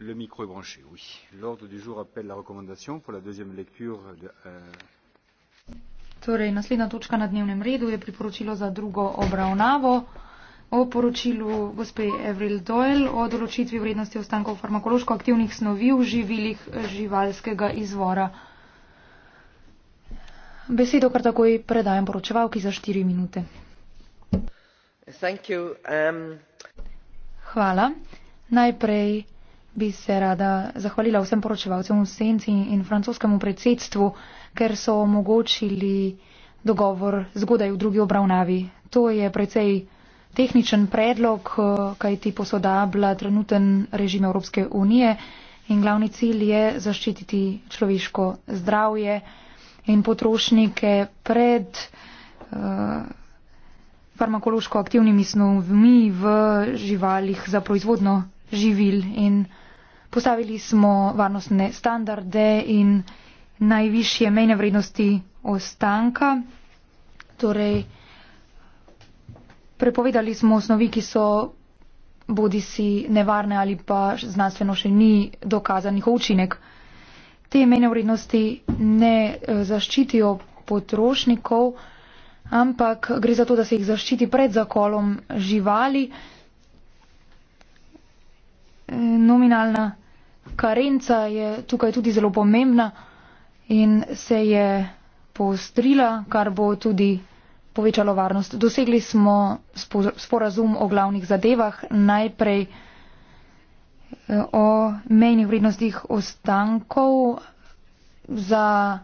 Le micro est branché, oui. L'ordre du jour appelle la recommandation pour la deuxième lecture. De, euh... Torej, naslednja točka na dnevnem redu je priporočilo za drugo obravnavo o poročilu gospe Avril Doyle o določitvi vrednosti ostankov farmakološko aktivnih snovi v živilih eh, živalskega izvora. Besedo kar takoj predajam poročevalki za štiri minute. Um... Hvala. Najprej bi se rada zahvalila vsem poročevalcem v senci in francoskemu predsedstvu, ker so omogočili dogovor zgodaj v drugi obravnavi. To je precej tehničen predlog, kaj ti posodablja trenuten režim Evropske unije in glavni cilj je zaščititi človeško zdravje in potrošnike pred uh, farmakološko aktivnimi snovmi v živalih za proizvodno živil in postavili smo varnostne standarde in najvišje mejne vrednosti ostanka. Torej, prepovedali smo osnovi, ki so bodi si nevarne ali pa znanstveno še ni dokazanih učinek. Te mejne vrednosti ne eh, zaščitijo potrošnikov, ampak gre za to, da se jih zaščiti pred zakolom živali nominalna karenca je tukaj tudi zelo pomembna in se je poostrila, kar bo tudi povečalo varnost. Dosegli smo sporazum o glavnih zadevah, najprej eh, o mejnih vrednostih ostankov za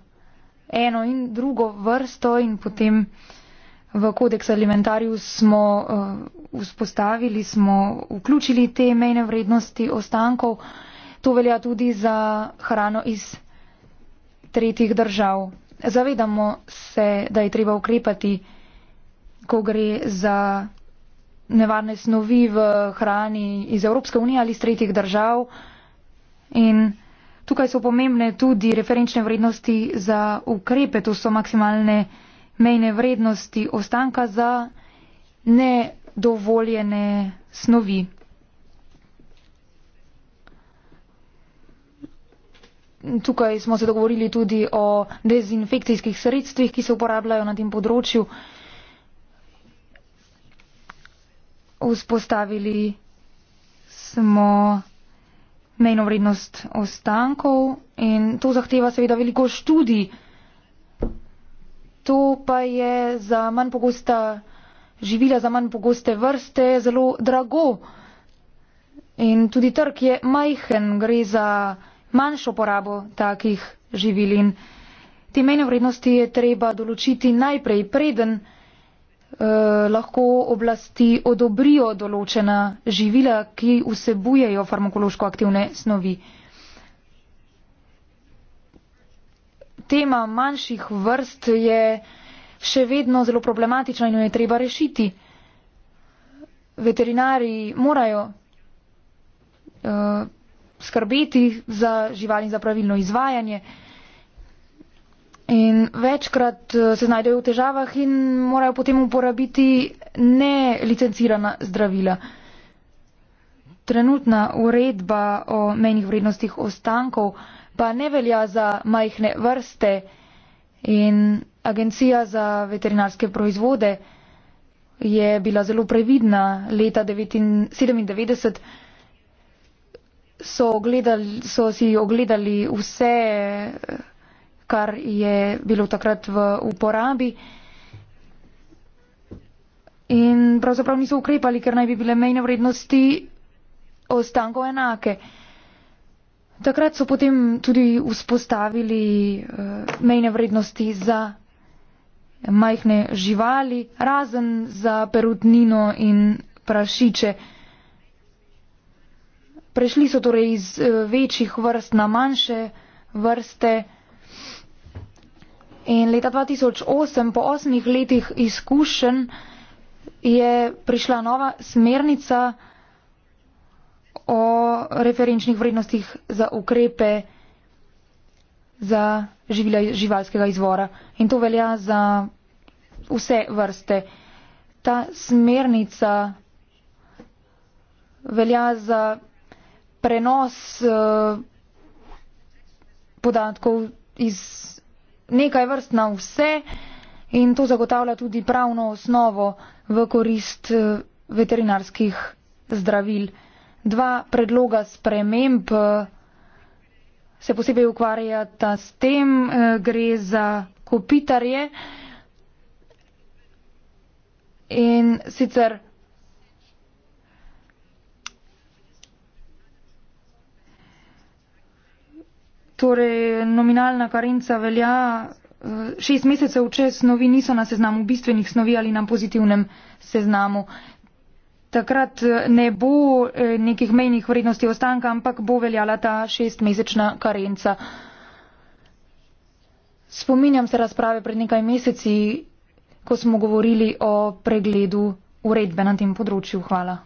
eno in drugo vrsto in potem v kodeks alimentarius smo uh, vzpostavili, smo vključili te mejne vrednosti ostankov. To velja tudi za hrano iz tretjih držav. Zavedamo se, da je treba ukrepati, ko gre za nevarne snovi v hrani iz Evropske unije ali iz tretjih držav. In tukaj so pomembne tudi referenčne vrednosti za ukrepe, to so maksimalne vrednosti mejne vrednosti ostanka za nedovoljene snovi. Tukaj smo se dogovorili tudi o dezinfekcijskih sredstvih, ki se uporabljajo na tem področju. Vzpostavili smo mejno vrednost ostankov in to zahteva seveda veliko študij to pa je za manj pogosta živila, za manj pogoste vrste zelo drago. In tudi trg je majhen, gre za manjšo porabo takih živil in te menje vrednosti je treba določiti najprej, preden eh, lahko oblasti odobrijo določena živila, ki vsebujejo farmakološko aktivne snovi. sistema manjših vrst je še vedno zelo problematična in jo je treba rešiti. Veterinari morajo uh, skrbeti za živali in za pravilno izvajanje. In večkrat eh, se znajdejo v težavah in morajo potem uporabiti nelicencirana zdravila. Trenutna uredba o menjih vrednostih ostankov pa ne velja za majhne vrste in Agencija za veterinarske proizvode je bila zelo previdna. Leta 1997 so, so si ogledali vse, kar je bilo takrat v uporabi in pravzaprav niso ukrepali, ker naj bi bile mejne vrednosti ostankov enake. Takrat so potem tudi vzpostavili uh, mejne vrednosti za majhne živali, razen za perutnino in prašiče. Prešli so torej iz uh, večjih vrst na manjše vrste. In leta 2008, po osmih letih izkušenj, je prišla nova smernica o referenčnih vrednostih za ukrepe za živila živalskega izvora. In to velja za vse vrste. Ta smernica velja za prenos eh, podatkov iz nekaj vrst na vse in to zagotavlja tudi pravno osnovo v korist eh, veterinarskih zdravil dva predloga sprememb eh, se posebej ukvarjata s tem, eh, gre za kopitarje in sicer Torej, nominalna karenca velja eh, šest mesecev, če snovi niso na seznamu bistvenih snovi ali na pozitivnem seznamu takrat eh, ne bo eh, nekih mejnih vrednosti ostanka, ampak bo veljala ta šestmesečna karenca. Spominjam se razprave pred nekaj meseci, ko smo govorili o pregledu uredbe na tem področju. Hvala.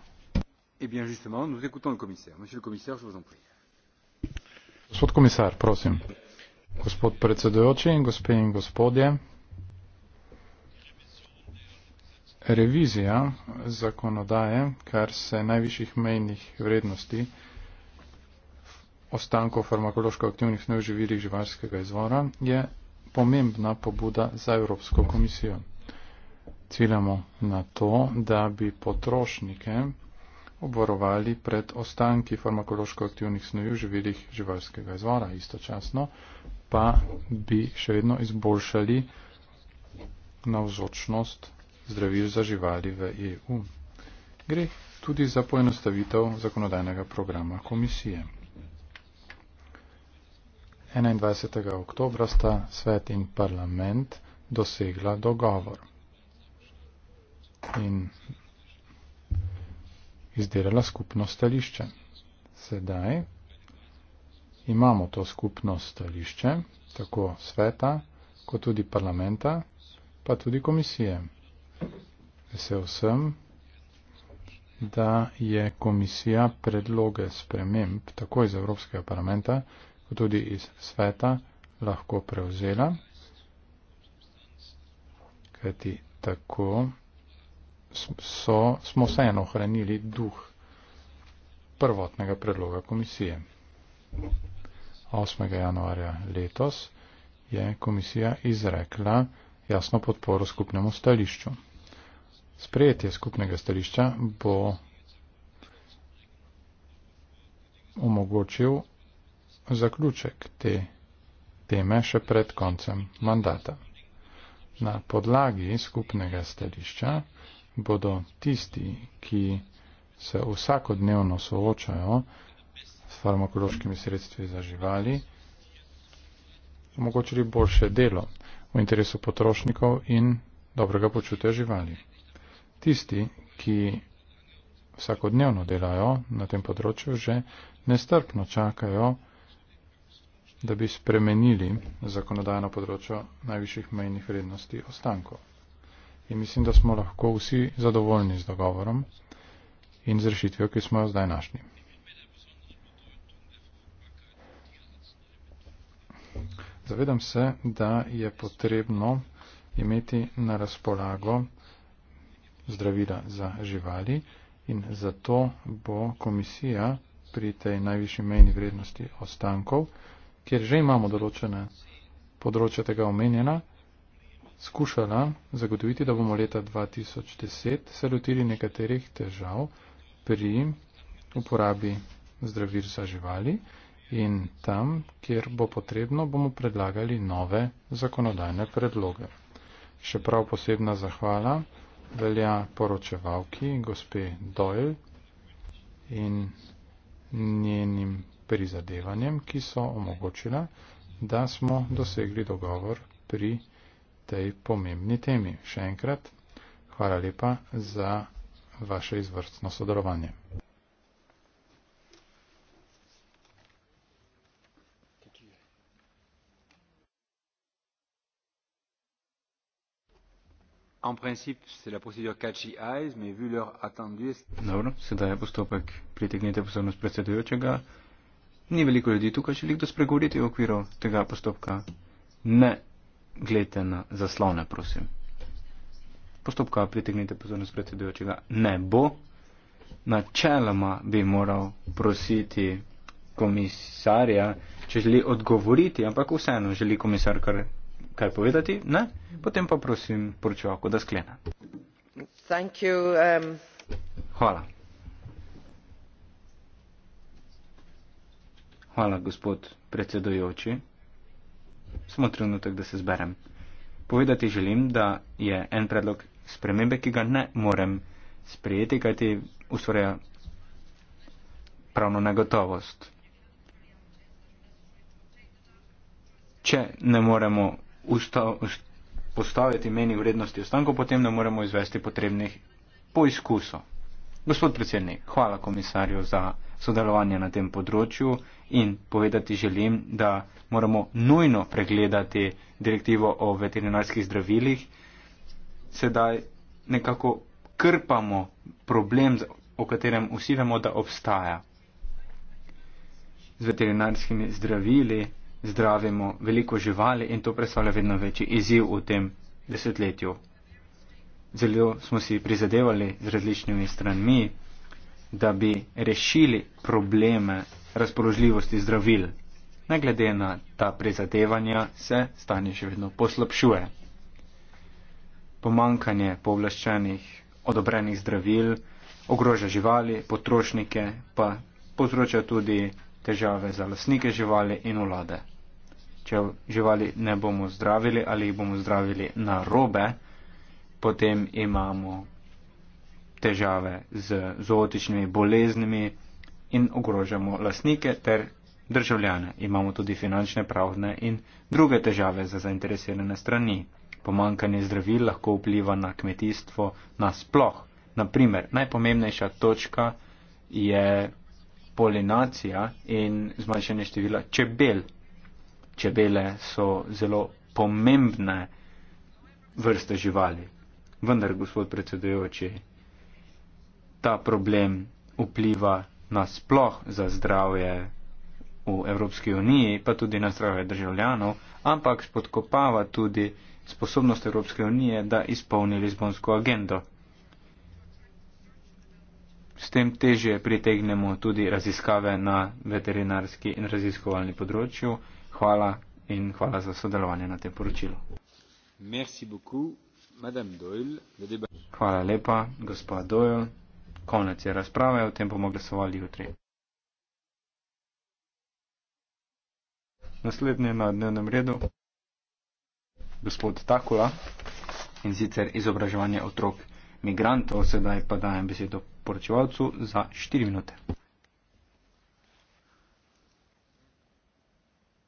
Eh Gospod komisar, prosim. Gospod predsedujoči, gospe in gospodje. revizija zakonodaje, kar se najvišjih mejnih vrednosti ostankov farmakološko aktivnih snov živilih živalskega izvora, je pomembna pobuda za Evropsko komisijo. Ciljamo na to, da bi potrošnike obvarovali pred ostanki farmakološko aktivnih snov živilih živalskega izvora. Istočasno pa bi še vedno izboljšali navzočnost zdravil za živali v EU. Gre tudi za poenostavitev zakonodajnega programa komisije. 21. oktobra sta svet in parlament dosegla dogovor in izdelala skupno stališče. Sedaj imamo to skupno stališče, tako sveta, kot tudi parlamenta, pa tudi komisije vesel sem, da je komisija predloge sprememb tako iz Evropskega parlamenta, kot tudi iz sveta lahko prevzela, kajti tako so, smo vseeno ohranili duh prvotnega predloga komisije. 8. januarja letos je komisija izrekla jasno podporo skupnemu stališču sprejetje skupnega stališča bo omogočil zaključek te teme še pred koncem mandata. Na podlagi skupnega stališča bodo tisti, ki se vsakodnevno soočajo s farmakološkimi sredstvi za živali, omogočili boljše delo v interesu potrošnikov in dobrega počutja živali tisti, ki vsakodnevno delajo na tem področju, že nestrpno čakajo, da bi spremenili zakonodajno področjo najvišjih mejnih vrednosti ostankov. In mislim, da smo lahko vsi zadovoljni z dogovorom in z rešitvijo, ki smo jo zdaj našli. Zavedam se, da je potrebno imeti na razpolago zdravila za živali in zato bo komisija pri tej najvišji mejni vrednosti ostankov, kjer že imamo določene področja tega omenjena, skušala zagotoviti, da bomo leta 2010 se lotili nekaterih težav pri uporabi zdravil za živali in tam, kjer bo potrebno, bomo predlagali nove zakonodajne predloge. Še prav posebna zahvala velja poročevalki gospe Doyle in njenim prizadevanjem, ki so omogočila, da smo dosegli dogovor pri tej pomembni temi. Še enkrat, hvala lepa za vaše izvrstno sodelovanje. En principe, c'est la procédure catchy eyes, mais vu l'heure attendue... Dobro, sedaj je postopek. Pritegnite pozornost predsedujočega. Ni veliko ljudi tukaj, če li kdo spregovoriti v okviru tega postopka. Ne gledajte na zaslone, prosim. Postopka pritegnite pozornost predsedujočega. Ne bo. Načeloma bi moral prositi komisarja, če želi odgovoriti, ampak vseeno želi komisar kar kaj povedati, ne? potem pa prosim poročevalko, da sklene. Um... Hvala. Hvala, gospod predsedojoči. Samo trenutek, da se zberem. Povedati želim, da je en predlog spremembe, ki ga ne morem sprejeti, kajti ustvarja pravno negotovost. Če ne moremo postaviti meni vrednosti ostankov, potem ne moremo izvesti potrebnih poizkusov. Gospod predsednik, hvala komisarju za sodelovanje na tem področju in povedati želim, da moramo nujno pregledati direktivo o veterinarskih zdravilih. Sedaj nekako krpamo problem, o katerem vsi vemo, da obstaja z veterinarskimi zdravili zdravimo veliko živali in to predstavlja vedno večji izziv v tem desetletju. Zelo smo si prizadevali z različnimi stranmi, da bi rešili probleme razpoložljivosti zdravil. Ne glede na ta prizadevanja, se stanje še vedno poslabšuje. Pomankanje povlaščenih odobrenih zdravil ogroža živali, potrošnike, pa povzroča tudi težave za lasnike živali in vlade. Če živali ne bomo zdravili ali jih bomo zdravili na robe, potem imamo težave z zootičnimi boleznimi in ogrožamo lasnike ter državljane. Imamo tudi finančne, pravne in druge težave za zainteresirane strani. Pomankanje zdravil lahko vpliva na kmetijstvo nasploh. Naprimer, najpomembnejša točka je polinacija in zmanjšanje števila čebel. Čebele so zelo pomembne vrste živali. Vendar, gospod predsedujoči, ta problem vpliva na sploh za zdravje v Evropski uniji, pa tudi na zdravje državljanov, ampak spodkopava tudi sposobnost Evropske unije, da izpolni Lizbonsko agendo s tem težje pritegnemo tudi raziskave na veterinarski in raziskovalni področju. Hvala in hvala za sodelovanje na tem poročilu. Hvala lepa, gospa Doyle. Konec je razprave, o tem bomo glasovali jutri. Naslednje na dnevnem redu. Gospod Takula in sicer izobraževanje otrok migrantov, sedaj pa dajem besedo poročevalcu za 4 minute.